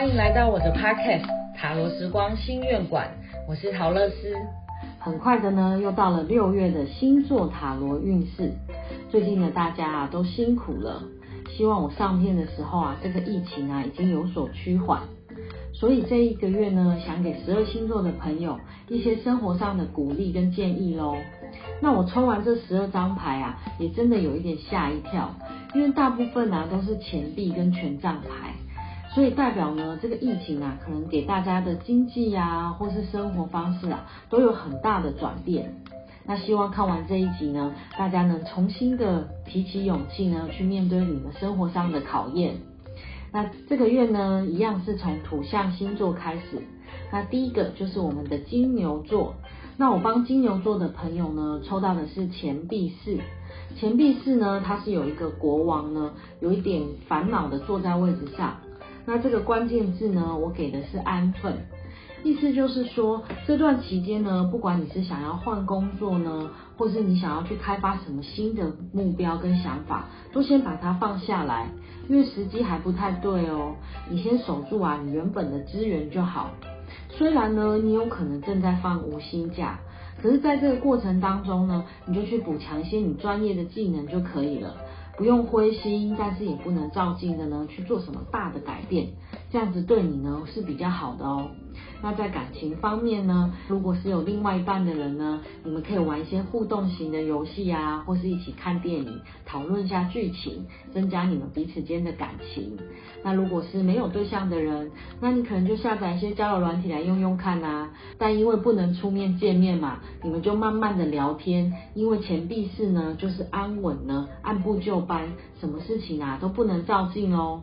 歡迎來到我的 podcast 塔羅食光心願館，我是桃樂絲。很快的呢，又到了六月的星座塔羅運勢。最近呢，大家啊都辛苦了，希望我上片的時候啊，這個疫情啊已經有所趨緩。所以這一個月呢，想給十二星座的朋友一些生活上的鼓勵跟建議嘍。那我抽完這十二張牌啊，也真的有一點嚇一跳，因為大部分呢、啊、都是錢幣跟權杖牌。所以代表呢，這個疫情啊，可能給大家的經濟呀、啊，或是生活方式啊，都有很大的轉變。那希望看完這一集呢，大家能重新的提起勇氣呢，去面對你們生活上的考驗。那這個月呢，一樣是從土象星座開始。那第一個就是我們的金牛座。那我幫金牛座的朋友呢，抽到的是錢幣四。錢幣四呢，它是有一個國王呢，有一點煩惱的坐在位置上。那這個關鍵字呢，我給的是安分，意思就是說，這段期間呢，不管你是想要換工作呢，或是你想要去開發什麼新的目標跟想法，都先把它放下來，因為時機還不太對哦。你先守住啊，你原本的資源就好。雖然呢，你有可能正在放無薪假，可是在這個過程當中呢，你就去補強一些你專業的技能就可以了。不用灰心，但是也不能照鏡子呢去做什麼大的改變，這樣子對你呢是比較好的哦。那在感情方面呢？如果是有另外一半的人呢，你們可以玩一些互動型的遊戲啊，或是一起看電影，討論一下劇情，增加你們彼此間的感情。那如果是沒有對象的人，那你可能就下載一些交友軟體來用用看吶、啊。但因為不能出面見面嘛，你們就慢慢的聊天。因為錢幣式呢，就是安穩呢，按部就班，什麼事情啊都不能躁進哦。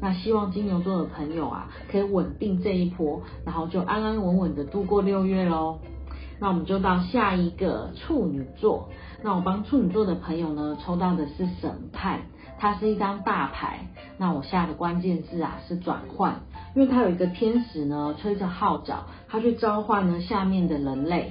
那希望金牛座的朋友啊，可以穩定這一波，然後就安安穩穩的度過六月嘍。那我們就到下一個處女座，那我幫處女座的朋友呢，抽到的是審判，它是一張大牌。那我下的關鍵字啊是轉換，因為它有一個天使呢，吹着號角，它去召喚呢下面的人類。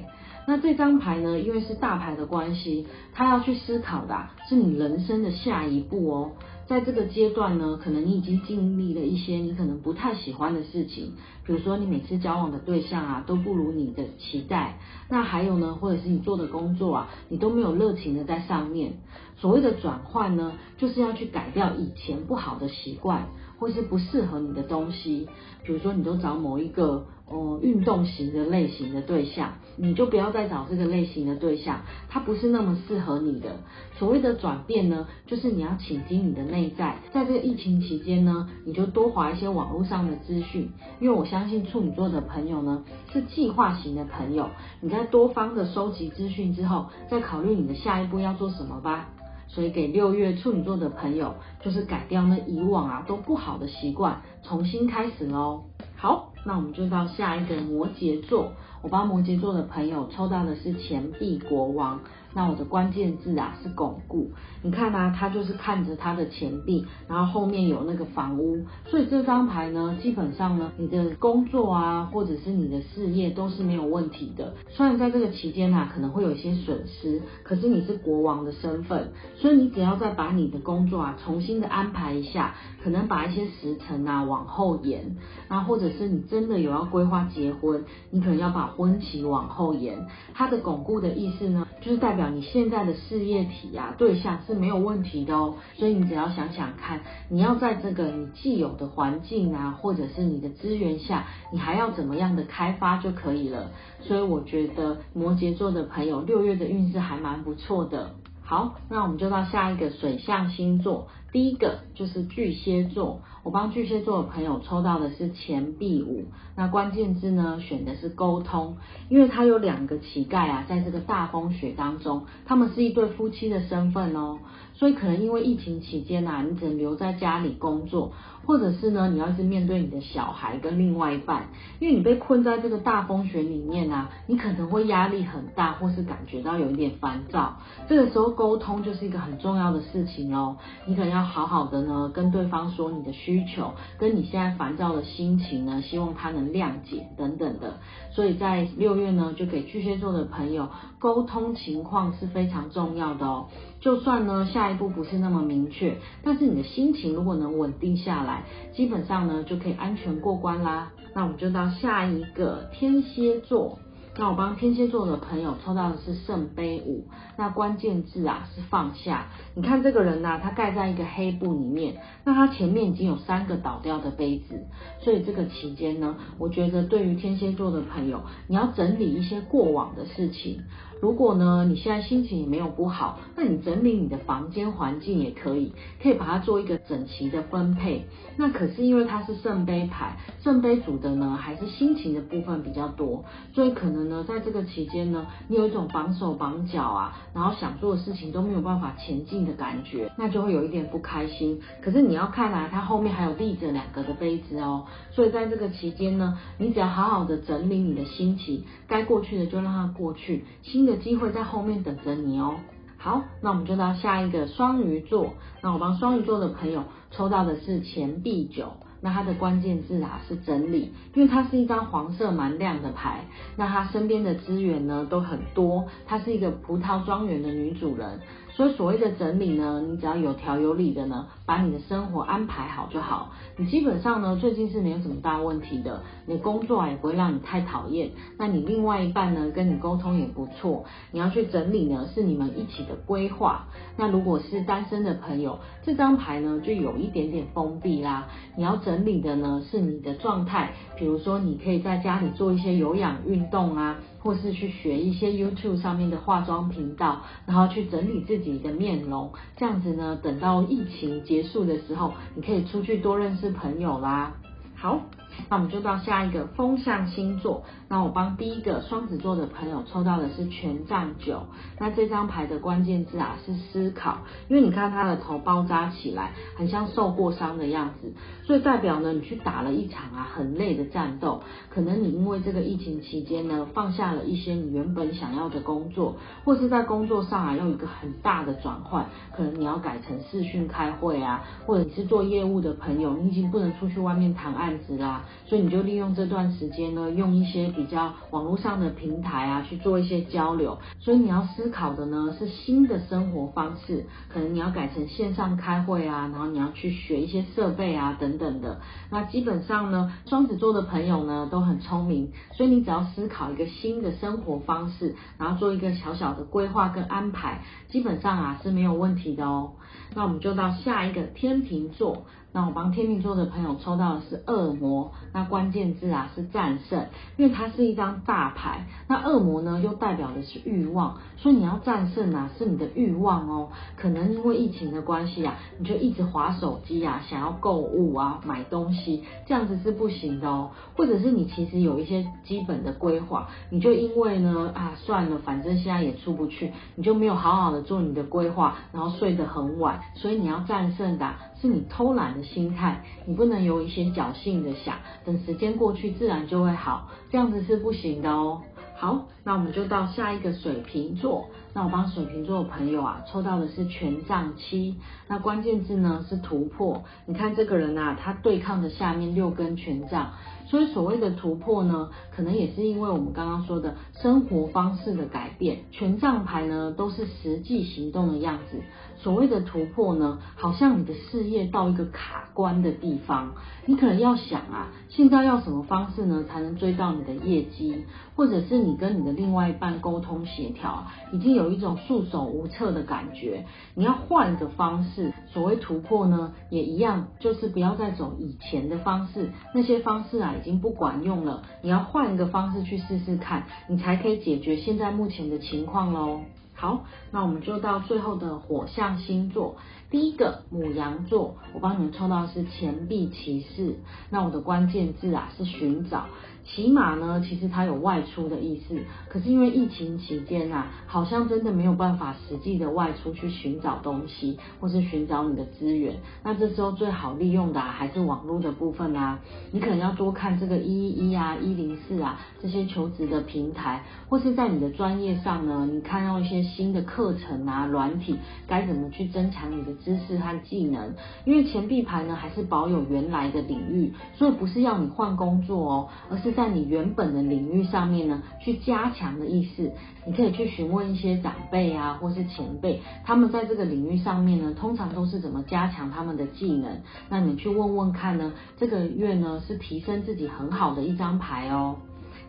那這張牌呢，因為是大牌的關係，他要去思考的、啊、是你人生的下一步哦。在這個階段呢，可能你已經經歷了一些你可能不太喜歡的事情，比如說你每次交往的對象啊都不如你的期待。那還有呢，或者是你做的工作啊，你都沒有熱情的在上面。所謂的轉換呢，就是要去改掉以前不好的習慣，或是不適合你的東西。比如說，你都找某一個呃運動型的類型的對象，你就不要再找這個類型的對象，它不是那麼適合你的。所謂的轉變呢，就是你要傾聽你的內在。在這個疫情期間呢，你就多劃一些網絡上的資訊，因為我相信處女座的朋友呢是計劃型的朋友。你在多方的收集資訊之後，再考慮你的下一步要做什麼吧。所以給六月處女座的朋友，就是改掉那以往啊都不好的習慣，重新開始嘍。好，那我們就到下一個摩羯座，我幫摩羯座的朋友抽到的是錢幣國王。那我的關鍵字啊是鞏固，你看吶，啊，他就是看着他的錢幣，然後後面有那個房屋，所以這張牌呢，基本上呢，你的工作啊，或者是你的事業都是沒有問題的。雖然在這個期間啊可能會有一些損失，可是你是國王的身份，所以你只要再把你的工作啊重新的安排一下，可能把一些時辰啊往後延，那或者是你真的有要規劃結婚，你可能要把婚期往後延。它的鞏固的意思呢，就是代表。表你現在的事業體呀、啊，對象是沒有問題的哦，所以你只要想想看，你要在這個你既有的環境啊，或者是你的資源下，你還要怎麼樣的開發就可以了。所以我覺得摩羯座的朋友六月的運勢還蠻不錯的。好，那我們就到下一個水象星座，第一個就是巨蟹座。我幫巨蟹座的朋友抽到的是錢幣五，那關鍵字呢？選的是溝通，因為他有兩個乞丐啊，在這個大風雪當中，他們是一對夫妻的身份哦。所以可能因為疫情期間吶、啊，你只能留在家裡工作，或者是呢，你要是面對你的小孩跟另外一半，因為你被困在這個大風雪裡面啊，你可能會壓力很大，或是感覺到有一點煩躁。這個時候溝通就是一個很重要的事情哦，你可能要好好的呢跟對方說你的需求，跟你現在煩躁的心情呢，希望他能諒解等等的。所以在六月呢，就給巨蟹座的朋友溝通情況是非常重要的哦。就算呢，下一步不是那麼明確，但是你的心情如果能穩定下來，基本上呢就可以安全過關啦。那我們就到下一個天蠍座，那我幫天蠍座的朋友抽到的是聖杯五，那關鍵字啊是放下。你看這個人呢，啊，他蓋在一個黑布裡面，那他前面已經有三個倒掉的杯子，所以這個期間呢，我覺得對於天蠍座的朋友，你要整理一些過往的事情。如果呢，你現在心情也沒有不好，那你整理你的房間環境也可以，可以把它做一個整齊的分配。那可是因為它是聖杯牌，聖杯主的呢，還是心情的部分比較多，所以可能呢，在這個期間呢，你有一種綁手綁腳啊，然後想做的事情都沒有辦法前進的感覺，那就會有一點不開心。可是你要看啊，它後面還有立着兩個的杯子哦，所以在這個期間呢，你只要好好的整理你的心情，該過去的就讓它過去，心有機會在後面等着你哦。好，那我們就到下一個雙魚座。那我幫雙魚座的朋友抽到的是錢幣九，那它的關鍵字啊是整理，因為它是一張黃色蠻亮的牌。那他身邊的資源呢都很多，他是一個葡萄莊園的女主人。所以所謂的整理呢，你只要有條有理的呢，把你的生活安排好就好。你基本上呢，最近是沒有什麼大問題的，你的工作也不會讓你太討厭。那你另外一半呢，跟你溝通也不錯。你要去整理呢，是你們一起的規劃。那如果是單身的朋友，這張牌呢就有一點點封閉啦。你要整理的呢是你的狀態，比如說你可以在家裡做一些有氧運動啊。或是去學一些 YouTube 上面的化妝頻道，然後去整理自己的面容，這樣子呢，等到疫情結束的時候，你可以出去多認識朋友啦。好。那我們就到下一個風象星座。那我幫第一個雙子座的朋友抽到的是權杖九。那這張牌的關鍵字啊是思考，因為你看他的頭包扎起來，很像受過傷的樣子，所以代表呢，你去打了一場啊很累的戰鬥。可能你因為這個疫情期間呢放下了一些你原本想要的工作，或是在工作上啊要有一個很大的轉換，可能你要改成視訊開會啊，或者你是做業務的朋友，你已經不能出去外面談案子啦、啊。所以你就利用這段時間呢，用一些比較網絡上的平台啊，去做一些交流。所以你要思考的呢，是新的生活方式，可能你要改成線上開會啊，然後你要去學一些設備啊，等等的。那基本上呢，雙子座的朋友呢，都很聰明，所以你只要思考一個新的生活方式，然後做一個小小的規劃跟安排，基本上啊是沒有問題的哦。那我們就到下一個天秤座。那我幫天秤座的朋友抽到的是惡魔，那關鍵字啊是戰勝，因為它是一張大牌。那惡魔呢，又代表的是慾望，所以你要戰勝啊，是你的慾望哦。可能因為疫情的關係啊，你就一直滑手機啊，想要購物啊，買東西，這樣子是不行的哦。或者是你其實有一些基本的規劃，你就因為呢啊算了，反正現在也出不去，你就沒有好好的做你的規劃，然後睡得很晚，所以你要戰勝的啊，是你偷懶的心態，你不能有一些僥幸的想，等時間過去自然就會好，這樣子是不行的哦。好，那我們就到下一個水瓶座，那我幫水瓶座的朋友啊，抽到的是權杖七，那關鍵字呢是突破。你看這個人啊，他對抗的下面六根權杖，所以所謂的突破呢，可能也是因為我們剛剛說的生活方式的改變。權杖牌呢，都是實際行動的樣子。所謂的突破呢，好像你的事業到一個卡關的地方，你可能要想啊，現在要什麼方式呢，才能追到你的業績，或者是你跟你的另外一半溝通協調啊，已經有一種束手無策的感覺，你要換一個方式。所謂突破呢，也一樣，就是不要再走以前的方式，那些方式啊已經不管用了，你要換一個方式去試試看，你才可以解決現在目前的情況嘍。好，那我們就到最後的火象星座。第一個牡羊座，我幫你們抽到的是錢幣騎士。那我的關鍵字啊是尋找。起碼呢，其實它有外出的意思。可是因為疫情期間啊，好像真的沒有辦法實際的外出去尋找東西，或是尋找你的資源。那這時候最好利用的啊，還是網絡的部分啊，你可能要多看這個一一一啊、一零四啊這些求職的平台，或是在你的專業上呢，你看到一些新的課程啊、軟體，該怎麼去增強你的知識和技能？因為錢幣牌呢，還是保有原來的領域，所以不是要你換工作哦，而是。在你原本的領域上面呢，去加強的意思。你可以去詢問一些長輩啊，或是前輩，他們在這個領域上面呢，通常都是怎麼加強他們的技能，那你去問問看呢，這個月呢是提升自己很好的一張牌哦。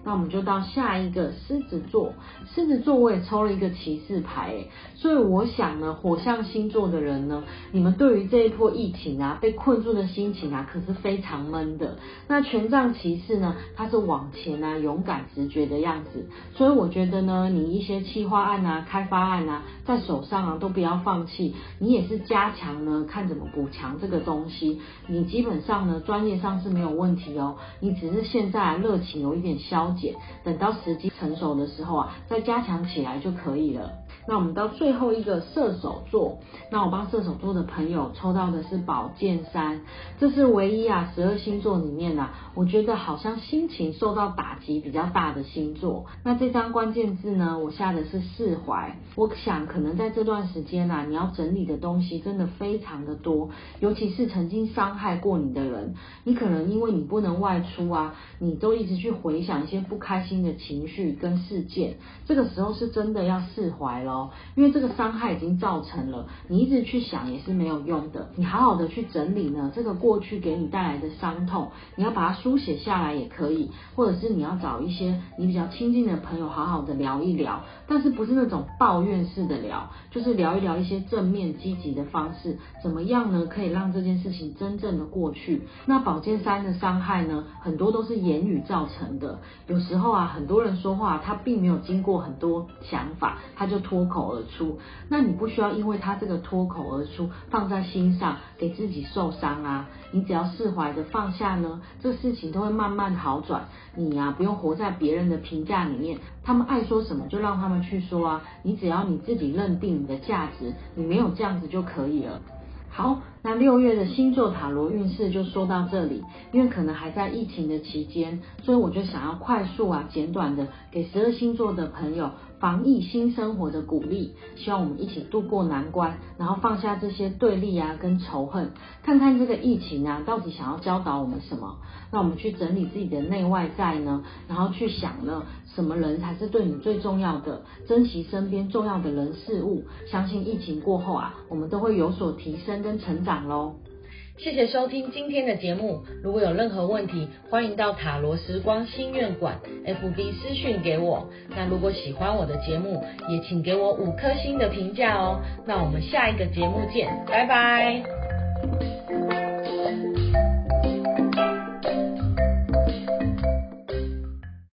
那我們就到下一個獅子座，獅子座我也抽了一個騎士牌，欸，所以我想呢，火象星座的人呢，你們對於這一波疫情啊，被困住的心情啊，可是非常悶的。那權杖騎士呢，他是往前啊，勇敢直覺的樣子，所以我覺得呢，你一些企劃案啊、開發案啊，在手上啊，都不要放棄，你也是加強呢，看怎麼補強這個東西。你基本上呢，專業上是沒有問題哦，喔，你只是現在啊熱情有一點消。等到時機成熟的時候啊，再加強起來就可以了。那我們到最後一個射手座，那我幫射手座的朋友抽到的是寶劍三，這是唯一啊十二星座裡面吶、啊，我覺得好像心情受到打擊比較大的星座。那這張關鍵字呢，我下的是釋懷。我想可能在這段時間吶、啊，你要整理的東西真的非常的多，尤其是曾經傷害過你的人，你可能因為你不能外出啊，你都一直去回想一些不開心的情緒跟事件，這個時候是真的要釋懷咯。因為這個傷害已經造成了，你一直去想也是沒有用的。你好好的去整理呢，這個過去給你帶來的傷痛，你要把它書寫下來也可以，或者是你要找一些你比較親近的朋友，好好的聊一聊，但是不是那種抱怨式的聊，就是聊一聊一些正面積極的方式，怎麼樣呢？可以讓這件事情真正的過去。那寶劍三的傷害呢，很多都是言語造成的，有時候啊，很多人說話他並沒有經過很多想法，他就拖。脫口而出，那你不需要因為他這個脫口而出放在心上，給自己受傷啊。你只要釋懷的放下呢，這事情都會慢慢好轉。你呀、啊，不用活在別人的評價裡面，他們愛說什麼就讓他們去說啊。你只要你自己認定你的價值，你沒有這樣子就可以了。好，那六月的星座塔羅運勢就說到這裡，因為可能還在疫情的期間，所以我就想要快速啊，簡短的給十二星座的朋友。防疫新生活的鼓勵，希望我們一起度過難關，然後放下這些對立啊跟仇恨，看看這個疫情啊到底想要教導我們什麼？那我們去整理自己的內外在呢，然後去想呢，什麼人才是對你最重要的？珍惜身邊重要的人事物，相信疫情過後啊，我們都會有所提升跟成長嘍。謝謝收聽今天的節目。如果有任何問題，歡迎到塔羅食光心願館 FB 私訊給我。那如果喜歡我的節目，也請給我五顆星的評價哦。那我們下一個節目見，拜拜。